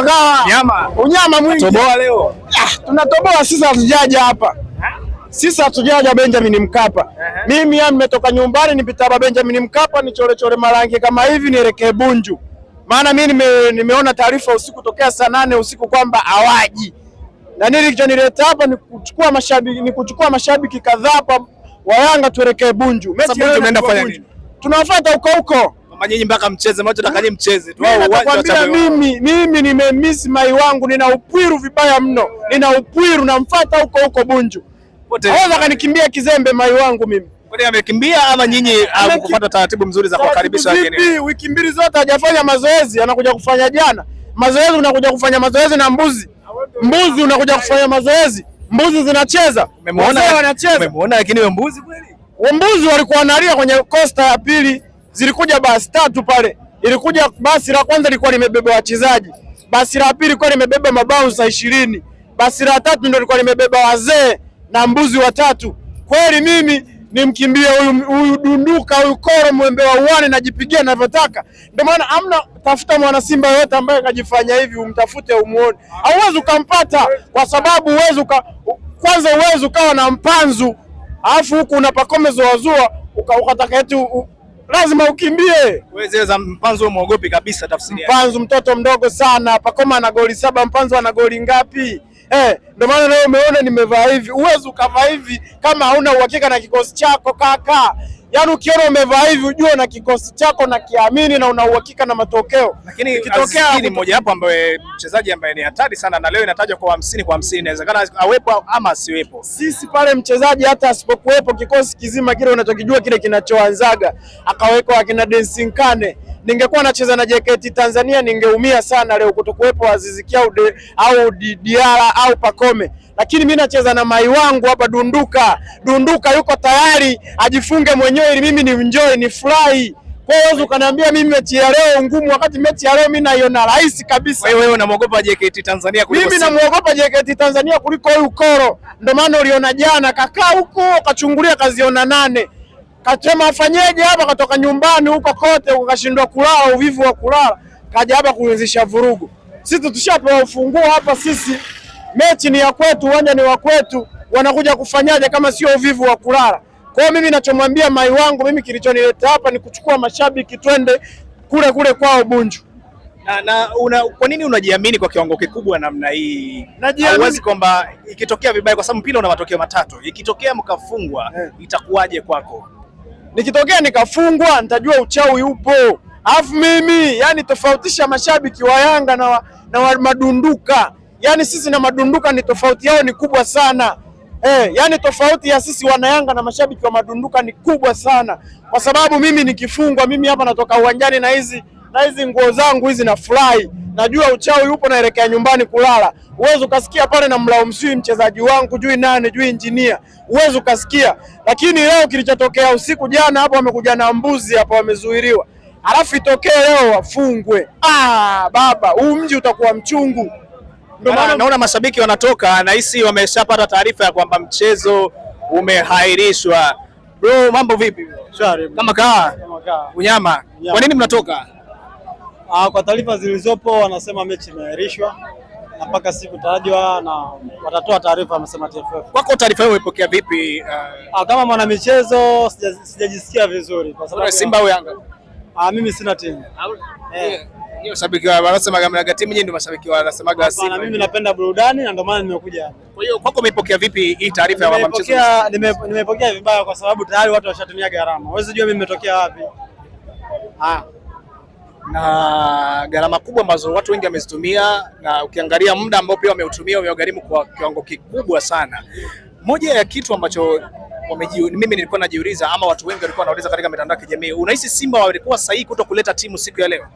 nyama kawa nyama. Unyama mwingi. Toboa leo. Ah, tunatoboa sisi hatujaja hapa. Sisi hatujaja Benjamin Mkapa. Uh -huh. Mimi ya nimetoka nyumbani nipita hapa Benjamin Mkapa ni chole chole marangi kama hivi nielekee Bunju. Maana mimi nime, nimeona taarifa usiku tokea saa nane usiku kwamba awaji Na nini kilichonileta hapa ni kuchukua mashabiki ni kuchukua mashabiki kadhaa hapa wa Yanga tuelekee Bunju. Mimi tunaenda kufanya nini? Tunawafuata huko huko. Kwamba nyinyi mpaka mcheze macho takani mcheze. Nakwambia mimi, mimi nimemiss mai wangu, nina upwiru vibaya mno, nina upwiru namfuata huko huko Bunju. Aweza kanikimbia kizembe mai wangu mimi. Kwani amekimbia ama nyinyi ah, kufuata taratibu mzuri za kuwakaribisha wageni? Wiki mbili zote hajafanya mazoezi, anakuja kufanya jana mazoezi, unakuja kufanya mazoezi na mbuzi mbuzi, unakuja kufanya mazoezi mbuzi zinacheza, umemuona wanacheza, umemuona lakini mbuzi kweli? Mbuzi walikuwa wanalia kwenye kosta ya pili zilikuja basi tatu pale, ilikuja basi la kwanza lilikuwa limebeba wachezaji, basi la pili lilikuwa limebeba mabao za ishirini, basi la tatu ndio lilikuwa limebeba wazee na mbuzi watatu. Kweli mimi nimkimbia huyu huyu dunduka huyu koro mwembe wa uwane, najipigia ninavyotaka. Ndio maana amna tafuta mwana Simba yoyote ambaye kajifanya hivi, umtafute umuone, hauwezi ukampata kwa sababu uwezi uka, kwanza uwezi ukawa na mpanzu alafu huku unapakomezo wazua ukataka eti lazima ukimbie. Wewe Mpanzu muogopi kabisa, tafsiri Mpanzu mtoto mdogo sana, Pakoma ana goli saba, Mpanzu ana goli ngapi? Eh, ndio maana leo umeona nimevaa hivi. Uwezi ukavaa hivi kama hauna uhakika na kikosi chako kaka. Yaani ukiona umevaa hivi ujue na kikosi chako na kiamini na una uhakika na matokeo. Lakini ikitokea ni mmoja wapo ambaye mchezaji ambaye ni hatari sana na leo inatajwa kwa hamsini kwa hamsini inawezekana awepo ama asiwepo. Sisi pale mchezaji hata asipokuwepo kikosi kizima kile unachokijua kile kinachoanzaga akawekwa akina Dancing Kane. Ningekuwa nacheza na JKT Tanzania ningeumia sana leo kutokuwepo Aziz Ki au Diara au Pacome lakini mimi nacheza na mai wangu hapa Dunduka. Dunduka yuko tayari ajifunge mwenyewe ili mimi ni enjoy, ni furahi. Kwa hiyo wewe ukaniambia mimi mechi ya leo ngumu, wakati mechi ya leo mimi naiona rahisi kabisa. Wewe unamwogopa JKT Tanzania kuliko mimi? Namuogopa JKT Tanzania kuliko huyu Koro, ndio maana uliona jana kakaa huko kachungulia, kaziona nane, kasema afanyeje hapa, katoka nyumbani huko kote ukashindwa kulala, uvivu wa kulala, kaja hapa kuwezesha vurugu. Sisi tushapewa ufunguo hapa sisi mechi ni ya kwetu, uwanja ni wa kwetu, wanakuja kufanyaje kama sio uvivu wa kulala? Kwa mimi nachomwambia mai wangu mimi, kilichonileta hapa ni kuchukua mashabiki, twende kule kule kwao Bunju. Na, na una, kwa nini unajiamini kwa kiwango kikubwa namna hii? Hauwezi kwamba ikitokea vibaya, kwa sababu mpira una matokeo matatu, ikitokea mkafungwa yeah, itakuwaje kwako? Nikitokea nikafungwa nitajua uchawi upo, alafu mimi yani tofautisha mashabiki wa Yanga na wa, na wa madunduka yani sisi na madunduka ni tofauti yao ni kubwa sana eh, yani tofauti ya sisi wanayanga na mashabiki wa madunduka ni kubwa sana, kwa sababu mimi nikifungwa, mimi hapa natoka uwanjani na hizi na hizi nguo zangu hizi, na fly najua uchawi upo, naelekea nyumbani kulala. Uwezo ukasikia pale na mlaumu sijui mchezaji wangu jui nane jui injinia, uwezo ukasikia. Lakini leo kilichotokea usiku jana hapo, wamekuja na mbuzi hapo, wamezuiliwa, alafu itokee leo wafungwe. Ah, baba huu mji utakuwa mchungu. Naona naona mashabiki wanatoka, nahisi wameshapata taarifa ya kwamba mchezo umehairishwa. Bro, mambo vipi? Shari, Kama kaa. Unyama. Kwa nini mnatoka? Ah, kwa taarifa zilizopo wanasema mechi imehairishwa na mpaka siku tajwa na watatoa taarifa, wamesema TFF. Kwako taarifa hiyo umepokea vipi? Uh... Ah, kama mwanamichezo sijajisikia vizuri kwa sababu Simba au Yanga? Ah, mimi sina timu. Eh. Yeah. Yeah. Mashabiki wa wanasemaga timu ndio mashabiki wa wanasemaga Simba. Mimi napenda burudani na ndio maana nimekuja hapa. Kwa hiyo kwako umeipokea vipi hii taarifa ya mama mchezo? Nimepokea nimepokea vibaya kwa sababu tayari watu washatumia gharama. Wewe unajua mimi nimetokea wapi. Ah. Na gharama kubwa ambazo watu wengi wamezitumia na ukiangalia muda ambao pia wameutumia umegharimu kwa kiwango kikubwa sana. Moja ya kitu ambacho wamejiu, mimi nilikuwa najiuliza ama watu wengi walikuwa wanauliza katika mitandao ya kijamii, unahisi Simba walikuwa sahihi kuto kuleta timu siku ya leo?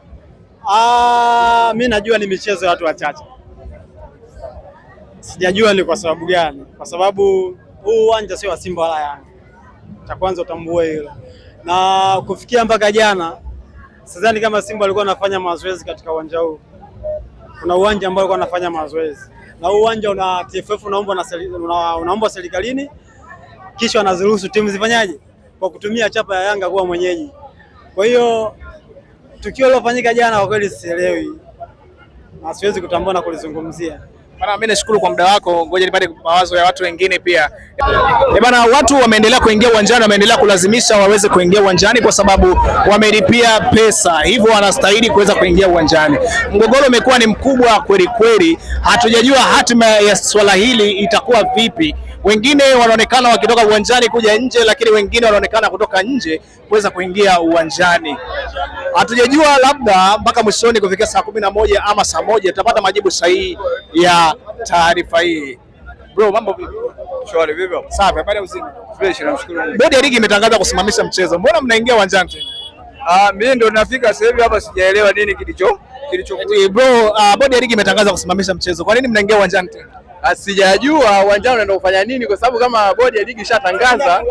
Ah, mi najua ni michezo ya watu wachache, sijajua ni kwa sababu gani, kwa sababu huu uwanja sio wa Simba wala Yanga, cha kwanza utambue hilo, na kufikia mpaka jana sidhani kama Simba walikuwa wanafanya mazoezi katika uwanja huu. Kuna uwanja ambao walikuwa wanafanya mazoezi na huu uwanja una TFF unaomba na una, unaomba serikalini kisha wanaziruhusu timu zifanyaje kwa kutumia chapa ya Yanga kuwa mwenyeji. Kwa hiyo tukio lilofanyika jana kwa kweli sielewi na siwezi kutambua na kulizungumzia. Bana, mimi nashukuru kwa muda wako, ngoja nipate mawazo ya watu wengine pia. E bana, watu wameendelea kuingia uwanjani, wameendelea kulazimisha waweze kuingia uwanjani kwa sababu wamelipia pesa, hivyo wanastahili kuweza kuingia uwanjani. Mgogoro umekuwa ni mkubwa kweli kweli, hatujajua hatima ya swala hili itakuwa vipi. Wengine wanaonekana wakitoka uwanjani kuja nje, lakini wengine wanaonekana kutoka nje kuweza kuingia uwanjani hatujajua labda mpaka mwishoni kufikia saa kumi na moja ama saa moja tutapata majibu sahihi ya taarifa hii. Bro, mambo vipi? Shwari vipi? Safi, habari uzima. Fresh, namshukuru Mungu. Bodi ya ligi imetangaza kusimamisha mchezo, mbona mnaingia uwanjani tena? Ah, mimi ndo nafika sasa hivi hapa, sijaelewa nini kilicho kilichokuwa. Eh, bro, ah, bodi ya ligi imetangaza kusimamisha mchezo, kwa nini mnaingia uwanjani tena? sijajua uwanjani unaenda kufanya nini, kwa sababu kama bodi ya ligi ishatangaza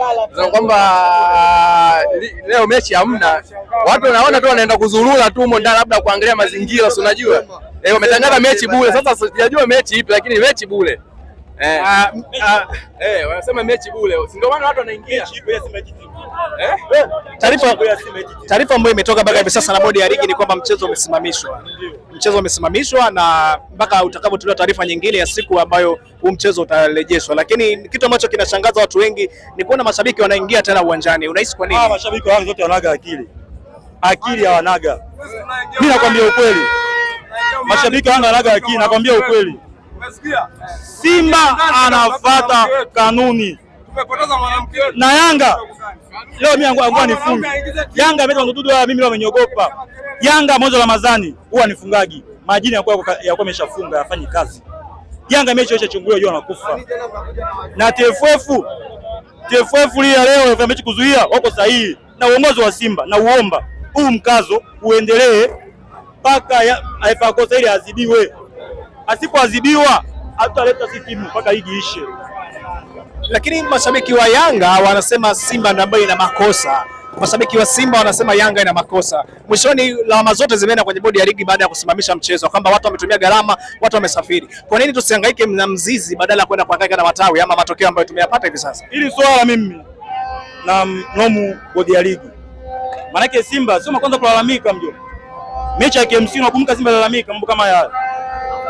kwamba leo mechi hamna, watu wanaona tu wanaenda kuzurura tu humo ndani, labda kuangalia mazingira, si unajua eh, wametangaza mechi bure. Sasa sijajua mechi ipi, lakini mechi bure Eh, ah, ah, eh, wanasema mechi bure. Si ndio maana watu wanaingia. Eh? Taarifa taarifa ambayo imetoka mpaka hivi sasa na bodi ya ligi ni kwamba mchezo umesimamishwa. Mchezo umesimamishwa na mpaka utakapotolewa taarifa nyingine ya siku ambayo huu mchezo utarejeshwa. Lakini kitu ambacho kinashangaza watu wengi ni kuona mashabiki wanaingia tena uwanjani. Unahisi kwa nini? Ah, mashabiki wangu zote wanaga akili. Akili ya wanaga. Mimi nakwambia ukweli. Mashabiki wangu wanaga akili, nakwambia ukweli. Simba anafata kanuni na Yanga leo mimi angua ni Yanga imeitwa mdudu haya, mimi leo ameniogopa Yanga. wa Ramadhani huwa nifungagi majini yakuwa ameshafunga afanye kazi. Yanga mechi imeisha chungulia jua anakufa na TFF TFF lia leo ya mechi kuzuia wako sahihi, na uongozi wa Simba na uomba huu mkazo uendelee mpaka aifakosa ili azidiwe asipoadhibiwa hatutaleta si timu mpaka ligi ishe. Lakini mashabiki wa Yanga wanasema Simba ndio ambayo ina makosa, mashabiki wa Simba wanasema Yanga ina makosa. Mwishoni lawama zote zimeenda kwenye bodi ya ligi baada ya kusimamisha mchezo, kwamba watu wametumia gharama, watu wamesafiri. Kwa nini tusihangaike na mzizi badala ya kwenda kuhangaika na matawi ama matokeo ambayo tumeyapata hivi sasa? Hili swala mimi na nomu bodi ya ligi, maanake Simba sio kwanza kulalamika. Mjomba, mechi ya KMC unakumbuka, Simba lalamika mambo kama yale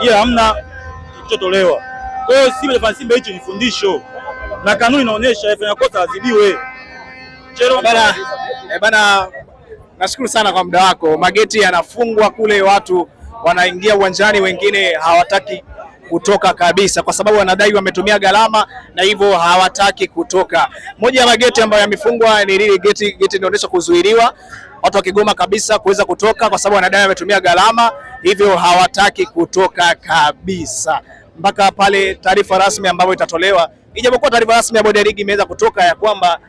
ila hamna kilichotolewa. Kwa hiyo Simba Elephant Simba, hicho ni fundisho na kanuni inaonyesha afanya kosa azibiwe. Eh, bana, e bana, nashukuru sana kwa muda wako. Mageti yanafungwa kule, watu wanaingia uwanjani, wengine hawataki kutoka kabisa, kwa sababu wanadai wametumia gharama na hivyo hawataki kutoka. Moja ya mageti ambayo yamefungwa ni lile geti, geti linaonyesha kuzuiliwa, watu wakigoma kabisa kuweza kutoka, kwa sababu wanadai wametumia gharama hivyo hawataki kutoka kabisa mpaka pale taarifa rasmi ambayo itatolewa, ijapokuwa taarifa rasmi ya bodi ya ligi imeweza kutoka ya kwamba